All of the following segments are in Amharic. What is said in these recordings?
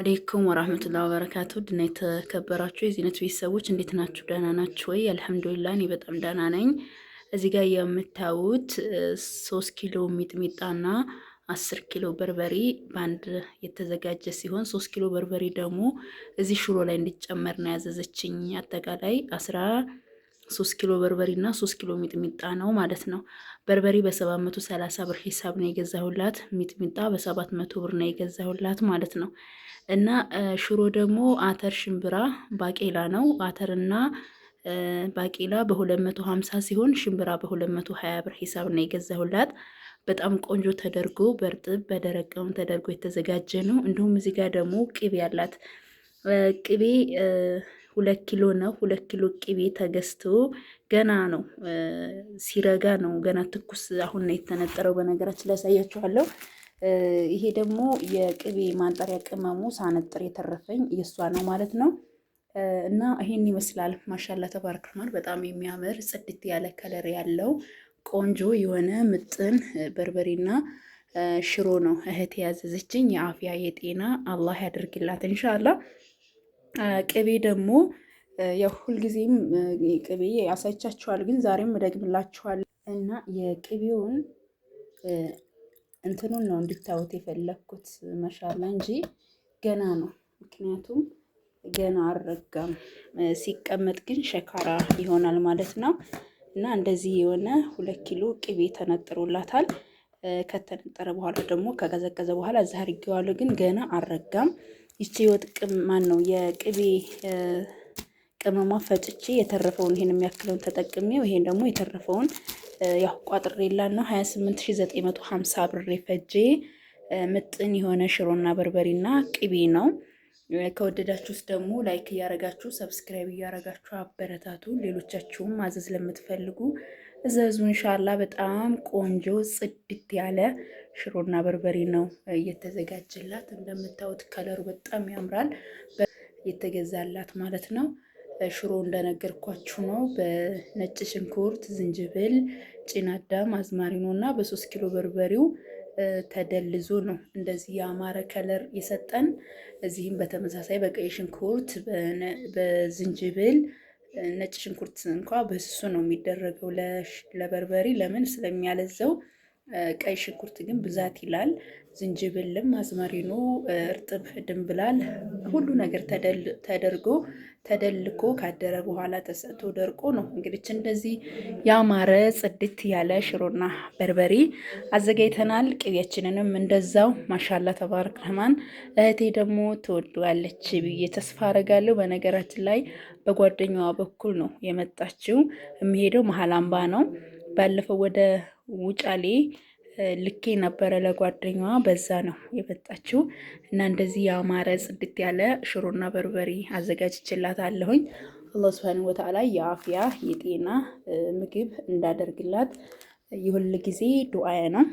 አሌይኩም ወራህመቱላ ወበረካቱ ድና የተከበራችሁ የዚህነት ቤተሰቦች እንዴት ናችሁ? ደህና ናችሁ ወይ? አልሐምዱሊላ እኔ በጣም ደህና ነኝ። እዚህ ጋር የምታዩት ሶስት ኪሎ ሚጥሚጣና አስር ኪሎ በርበሪ በአንድ የተዘጋጀ ሲሆን ሶስት ኪሎ በርበሬ ደግሞ እዚህ ሽሮ ላይ እንዲጨመር ነው ያዘዘችኝ። አጠቃላይ አስራ ሶስት ኪሎ በርበሬ እና ሶስት ኪሎ ሚጥሚጣ ነው ማለት ነው። በርበሬ በሰባት መቶ ሰላሳ ብር ሂሳብ ነው የገዛሁላት። ሚጥሚጣ በሰባት መቶ ብር ነው የገዛሁላት ማለት ነው። እና ሽሮ ደግሞ አተር፣ ሽምብራ፣ ባቄላ ነው። አተርና ባቄላ በሁለት መቶ ሀምሳ ሲሆን ሽምብራ በሁለት መቶ ሀያ ብር ሂሳብ ነው የገዛሁላት። በጣም ቆንጆ ተደርጎ በእርጥብ በደረቀውን ተደርጎ የተዘጋጀ ነው። እንዲሁም እዚህ ጋር ደግሞ ቅቤ ያላት ቅቤ ሁለት ኪሎ ነው። ሁለት ኪሎ ቅቤ ተገዝቶ ገና ነው ሲረጋ ነው ገና ትኩስ አሁን ነው የተነጠረው። በነገራችን ያሳያችኋለሁ ይሄ ደግሞ የቅቤ ማንጠሪያ ቅመሙ ሳነጥር የተረፈኝ የእሷ ነው ማለት ነው። እና ይሄን ይመስላል። ማሻላ ተባርክማል። በጣም የሚያምር ጽድት ያለ ከለር ያለው ቆንጆ የሆነ ምጥን በርበሬና ሽሮ ነው እህት ያዘዘችኝ። የአፍያ የጤና አላህ ያደርግላት እንሻላ ቅቤ ደግሞ ያው ሁልጊዜም ቅቤ ያሳይቻችኋል፣ ግን ዛሬም እደግምላችኋል እና የቅቤውን እንትኑን ነው እንድታዩት የፈለግኩት መሻላ እንጂ ገና ነው። ምክንያቱም ገና አረጋም ሲቀመጥ ግን ሸካራ ይሆናል ማለት ነው። እና እንደዚህ የሆነ ሁለት ኪሎ ቅቤ ተነጥሮላታል። ከተነጠረ በኋላ ደግሞ ከቀዘቀዘ በኋላ ዛር ግን ገና አረጋም። ይቺ የወጥ ማን ነው የቅቤ ቅመሟ ፈጭቼ የተረፈውን ይሄን የሚያክለውን ተጠቅሜው ይሄን ደግሞ የተረፈውን ያው ቋጥሬላ ነው 28950 ብር ፈጄ ምጥን የሆነ ሽሮና በርበሬና ቅቤ ነው። ከወደዳችሁስ ደግሞ ላይክ እያረጋችሁ ሰብስክራይብ እያረጋችሁ አበረታቱ። ሌሎቻችሁም ማዘዝ ለምትፈልጉ እዘዙ። እንሻላ በጣም ቆንጆ ጽድት ያለ ሽሮና በርበሬ ነው እየተዘጋጀላት። እንደምታዩት ከለሩ በጣም ያምራል የተገዛላት ማለት ነው። ሽሮ እንደነገርኳችሁ ነው። በነጭ ሽንኩርት፣ ዝንጅብል፣ ጭናዳም፣ አዝማሪኖ እና በሶስት ኪሎ በርበሬው ተደልዞ ነው እንደዚህ የአማረ ከለር የሰጠን። እዚህም በተመሳሳይ በቀይ ሽንኩርት፣ በዝንጅብል ነጭ ሽንኩርት እንኳ በስሱ ነው የሚደረገው ለበርበሬ ለምን ስለሚያለዘው ቀይ ሽንኩርት ግን ብዛት ይላል። ዝንጅብልም፣ አዝመሪኖ፣ እርጥብ ድንብላል ሁሉ ነገር ተደርጎ ተደልኮ ካደረ በኋላ ተሰጥቶ ደርቆ ነው እንግዲህ እንደዚህ ያማረ ጽድት ያለ ሽሮና በርበሬ አዘጋጅተናል። ቅቤያችንንም እንደዛው ማሻላ ተባረክ ረህማን እህቴ ደግሞ ትወደዋለች ብዬ ተስፋ አረጋለሁ። በነገራችን ላይ በጓደኛዋ በኩል ነው የመጣችው። የሚሄደው መሀል አምባ ነው ባለፈው ወደ ውጫሌ ልኬ ነበረ ለጓደኛዋ በዛ ነው የመጣችው እና እንደዚህ ያማረ ጽድት ያለ ሽሮና በርበሬ አዘጋጅችላት አለሁኝ። አላህ ስብሐነ ወተዓላ የአፍያ የጤና ምግብ እንዳደርግላት የሁል ጊዜ ዱዓዬ ነው።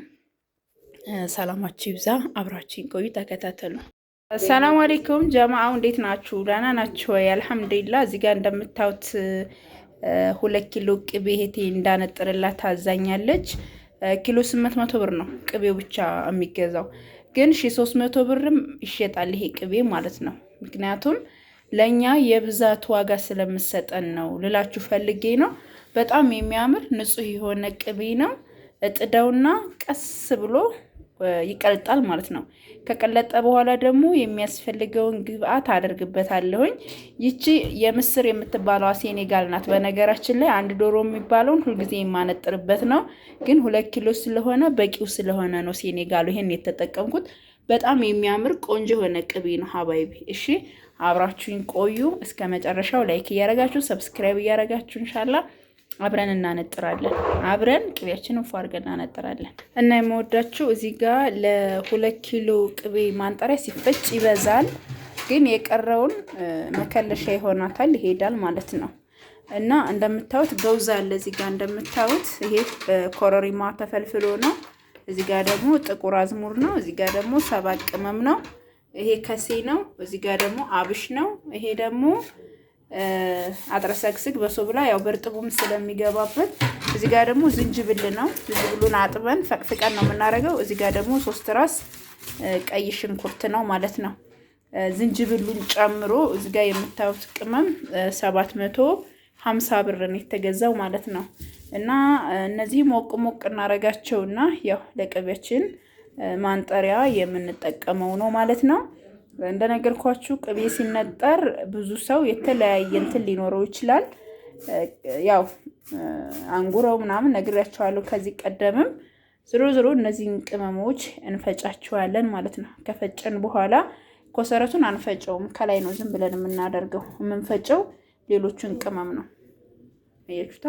ሰላማችሁ ይብዛ። አብራችን ቆዩ፣ ተከታተሉ። ሰላም አሌይኩም ጀማአው፣ እንዴት ናችሁ? ደህና ናችሁ ወይ? አልሐምዱሊላ። እዚህ ጋር እንደምታዩት ሁለት ኪሎ ቅቤ እህቴ እንዳነጥርላት ታዛኛለች። ኪሎ ስምንት መቶ ብር ነው ቅቤው ብቻ የሚገዛው ግን ሺ ሶስት መቶ ብርም ይሸጣል ይሄ ቅቤ ማለት ነው። ምክንያቱም ለእኛ የብዛት ዋጋ ስለምሰጠን ነው ልላችሁ ፈልጌ ነው። በጣም የሚያምር ንጹህ የሆነ ቅቤ ነው። እጥደውና ቀስ ብሎ ይቀልጣል ማለት ነው። ከቀለጠ በኋላ ደግሞ የሚያስፈልገውን ግብአት አደርግበታለሁኝ። ይቺ የምስር የምትባለዋ ሴኔጋል ናት። በነገራችን ላይ አንድ ዶሮ የሚባለውን ሁልጊዜ የማነጥርበት ነው፣ ግን ሁለት ኪሎ ስለሆነ በቂው ስለሆነ ነው ሴኔጋሉ። ይሄን የተጠቀምኩት በጣም የሚያምር ቆንጆ የሆነ ቅቤ ነው ሀባይቢ። እሺ አብራችሁኝ ቆዩ እስከ መጨረሻው። ላይክ እያረጋችሁ ሰብስክራይብ እያረጋችሁ እንሻላ አብረን እናነጥራለን። አብረን ቅቤያችን ውፎ አድርገን እናነጥራለን እና የምወዳችሁ እዚህ ጋር ለሁለት ኪሎ ቅቤ ማንጠሪያ ሲፈጭ ይበዛል፣ ግን የቀረውን መከለሻ ይሆናታል ይሄዳል ማለት ነው። እና እንደምታዩት ገውዝ አለ እዚህ ጋር እንደምታዩት፣ ይሄ ኮረሪማ ተፈልፍሎ ነው። እዚህ ጋር ደግሞ ጥቁር አዝሙር ነው። እዚህ ጋር ደግሞ ሰባት ቅመም ነው። ይሄ ከሴ ነው። እዚህ ጋር ደግሞ አብሽ ነው። ይሄ ደግሞ አጥረሰግስግ በሶብላ ያው በርጥቡም ስለሚገባበት እዚህ ጋር ደግሞ ዝንጅብል ነው። ዝንጅብሉን አጥበን ፈቅፍቀን ነው የምናደርገው። እዚህ ጋር ደግሞ ሶስት ራስ ቀይ ሽንኩርት ነው ማለት ነው። ዝንጅብሉን ጨምሮ እዚህ ጋር የምታዩት ቅመም ሰባት መቶ ሀምሳ ብር ነው የተገዛው ማለት ነው። እና እነዚህ ሞቅ ሞቅ እናረጋቸውና ያው ለቅቤያችን ማንጠሪያ የምንጠቀመው ነው ማለት ነው። እንደነገርኳችሁ ቅቤ ሲነጠር ብዙ ሰው የተለያየ እንትን ሊኖረው ይችላል። ያው አንጉረው ምናምን ነግሬያቸዋለሁ ከዚህ ቀደምም። ዝሮ ዝሮ እነዚህን ቅመሞች እንፈጫቸዋለን ማለት ነው። ከፈጨን በኋላ ኮሰረቱን አንፈጨውም፣ ከላይ ነው ዝም ብለን የምናደርገው። የምንፈጨው ሌሎቹን ቅመም ነው። አያችሁታ።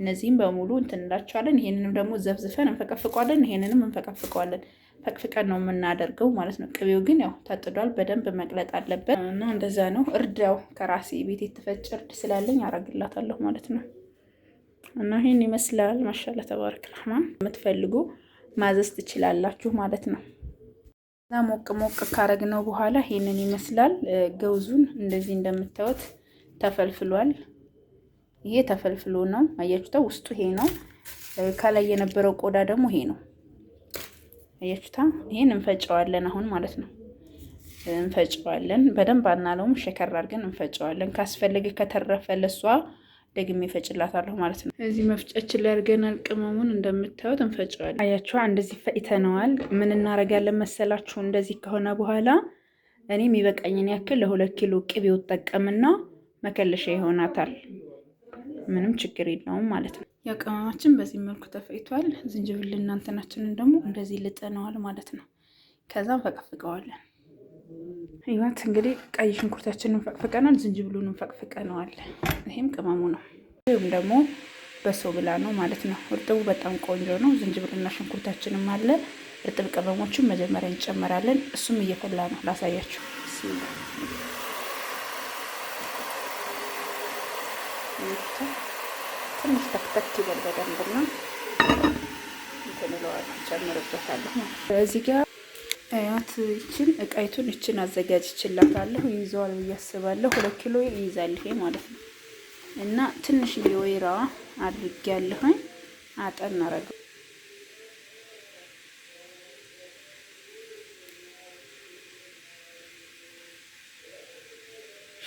እነዚህም በሙሉ እንትን እንላቸዋለን። ይሄንንም ደግሞ ዘፍዝፈን እንፈቀፍቀዋለን። ይሄንንም እንፈቀፍቀዋለን። ፈቅፍቀን ነው የምናደርገው ማለት ነው። ቅቤው ግን ያው ታጥዷል፣ በደንብ መቅለጥ አለበት እና እንደዛ ነው። እርዳው ከራሴ ቤት የተፈጨ እርድ ስላለኝ አረግላታለሁ ማለት ነው። እና ይህን ይመስላል። ማሻላ ተባረክ ረህማን። የምትፈልጉ ማዘዝ ትችላላችሁ ማለት ነው። እዛ ሞቅ ሞቅ ነው በኋላ ይህንን ይመስላል። ገውዙን እንደዚህ እንደምታዩት ተፈልፍሏል። ይሄ ተፈልፍሎ ነው አያችሁታ። ውስጡ ይሄ ነው። ከላይ የነበረው ቆዳ ደግሞ ይሄ ነው። አያችሁታ። ይህን እንፈጨዋለን አሁን ማለት ነው። እንፈጨዋለን በደንብ አናለውም፣ ሸከር አድርገን እንፈጨዋለን። ካስፈለገ ከተረፈ ለሷ ደግሜ እፈጭላታለሁ ማለት ነው። እዚህ መፍጫችን ላይ አድርገናል። ቅመሙን እንደምታዩት እንፈጨዋለን። አያችሁ እንደዚህ ፈይተነዋል ምን እናደርጋለን መሰላችሁ? እንደዚህ ከሆነ በኋላ እኔ የሚበቃኝን ያክል ለሁለት ኪሎ ቅቤ ውጠቀምና መከለሻ ይሆናታል። ምንም ችግር የለውም ማለት ነው። የአቀማማችን ቅመማችን በዚህ መልኩ ተፈይቷል። ዝንጅብል እናንተናችንን ደግሞ እንደዚህ ልጠነዋል ማለት ነው። ከዛም ፈቀፍቀዋለን። ይዋት እንግዲህ ቀይ ሽንኩርታችንን ፈቅፍቀናል፣ ዝንጅብሉንም ፈቅፍቀነዋል። ይሄም ቅመሙ ነው። ወይም ደግሞ በሶ ብላ ነው ማለት ነው። እርጥቡ በጣም ቆንጆ ነው። ዝንጅብልና ሽንኩርታችንም አለ። እርጥብ ቅመሞችን መጀመሪያ እንጨመራለን። እሱም እየፈላ ነው ላሳያችሁ። ትንሽ ተክተክ ይበል እንትን እለዋለሁ ጨምርበታለሁ። እዚህ ጋር ይችን እቃይቱን ይችን ይይዘዋል ብዬ አስባለሁ። ሁለት ኪሎ ይይዛል ይሄ ማለት ነው። እና ወይራ አድርጌያለሁኝ አጠን አረገው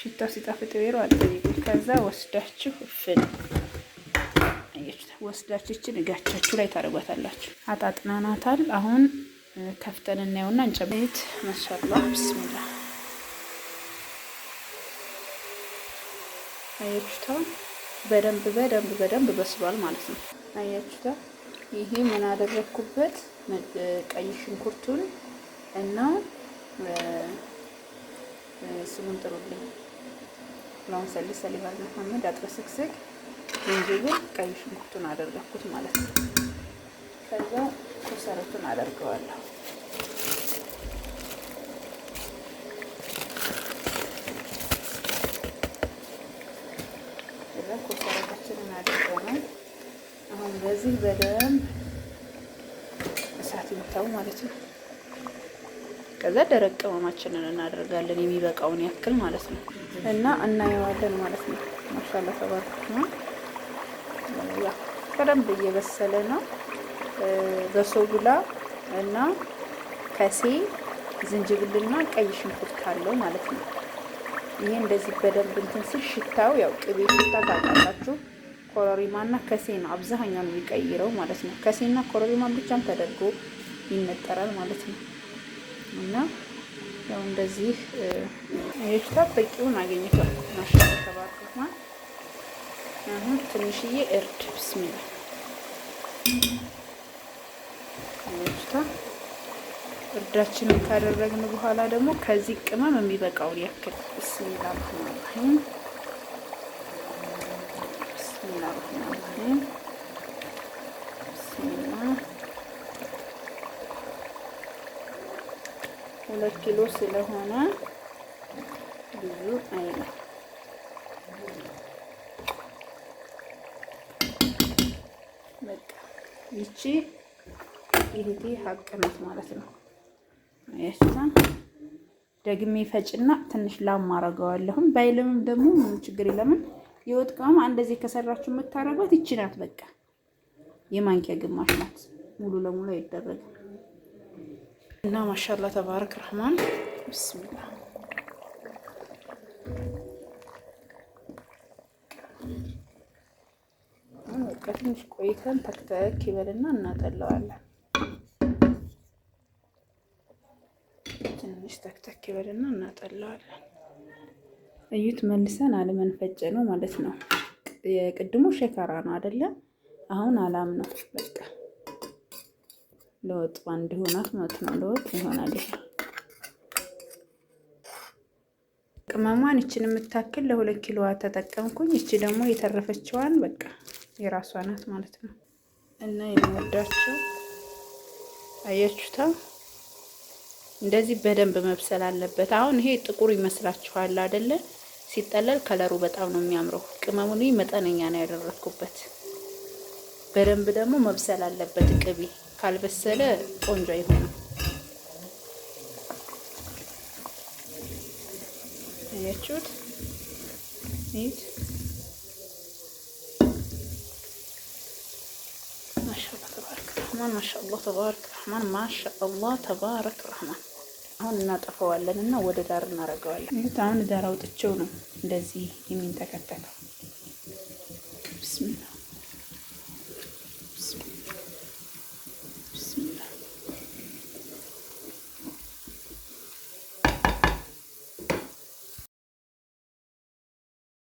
ሽታው ሲጣፍጥ ቤሮ አልጠይቁኝ። ከዛ ወስዳችሁ እፍን ወስዳችሁ ይችን እጋቻችሁ ላይ ታደርጓታላችሁ። አጣጥናናታል። አሁን ከፍተን እናየውና እንጨምት። ማሻላ ብስሚላ አያችሁታ። በደንብ በደንብ በደንብ በስሏል ማለት ነው። አያችሁታ። ይሄ ምን አደረግኩበት? ቀይ ሽንኩርቱን እና ስሙን ጥሩልኝ ለአንሰልስ ሰሊበር መሐመድ አጥበስግስግ ዝንጅብል፣ ቀይ ሽንኩርቱን አደረግኩት ማለት ነው። ከዛ ኮሰረቱን አደርገዋለሁ። ከዛ ኮሰረታችንን አደርገናል። አሁን በዚህ በደንብ እሳት ይምታው ማለት ነው። ከዛ ደረቅ ቅመማችንን እናደርጋለን የሚበቃውን ያክል ማለት ነው። እና እናየዋለን ማለት ነው። ማሻላ ተባርኩ ነው። በደንብ እየበሰለ ነው። በሶጉላ እና ከሴ ዝንጅብልና ቀይ ሽንኩርት አለው ማለት ነው። ይሄ እንደዚህ በደንብ እንትን ሲል ሽታው ያው ቅቤ ሽታ ታውቃላችሁ። ኮረሪማና ከሴ ነው አብዛኛው የሚቀይረው ማለት ነው። ከሴና ኮረሪማ ብቻም ተደርጎ ይነጠራል ማለት ነው። እና ያው እንደዚህ በቂውን አገኘቷል። ማሻላ አሁን ትንሽዬ እርድ ብስሚላ ሽታ እርዳችንን ካደረግን በኋላ ደግሞ ከዚህ ቅመም የሚበቃውን ያክል ብስሚላ ብስሚላ ሁለት ኪሎ ስለሆነ ብዙ አይልም። በቃ ይቺ ይህቴ ሀቅ ናት ማለት ነው። ያችታ ደግሜ ፈጭና ትንሽ ላም አረገዋለሁም ባይለምም ደግሞ ምን ችግር የለምን። የወጥ ቅመም እንደዚህ ከሰራችሁ የምታረጓት ይቺ ናት። በቃ የማንኪያ ግማሽ ናት። ሙሉ ለሙሉ አይደረግም። እና ማሻላ ተባረክ ረህማን ብስሚላ ትንሽ ቆይተን ተክተክ ይበልና እናጠለዋለን። ትንሽ ተክተክ ይበልና እናጠለዋለን። እዩት፣ መልሰን አለመንፈጨ ነው ማለት ነው። የቅድሙ ሸካራ ነው አይደለም? አሁን አላም ነው በቃ ለወጥ አንድ ሆናት ማለት ነው። ለወጥ ይሆናል። ቅመሟን እችን የምታክል ለሁለት ኪሎ ተጠቀምኩኝ። እቺ ደግሞ የተረፈችዋን በቃ የራሷ ናት ማለት ነው። እና የሚወዳቸው አያችሁታ፣ እንደዚህ በደንብ መብሰል አለበት። አሁን ይሄ ጥቁር ይመስላችኋል አይደለ? ሲጠለል ከለሩ በጣም ነው የሚያምረው። ቅመሙን መጠነኛ ነው ያደረኩበት። በደንብ ደግሞ መብሰል አለበት ቅቤ ካልበሰለ ቆንጆ አይሆንም። አያችሁት? ይህ ማሻአላህ ተባረክ ረህማን ማሻላ ተባረክ ረህማን ተባረክ ረህማን። አሁን እናጠፈዋለን እና ወደ ዳር እናደርገዋለን። አሁን ዳር አውጥቼው ነው እንደዚህ የሚንተከተከው።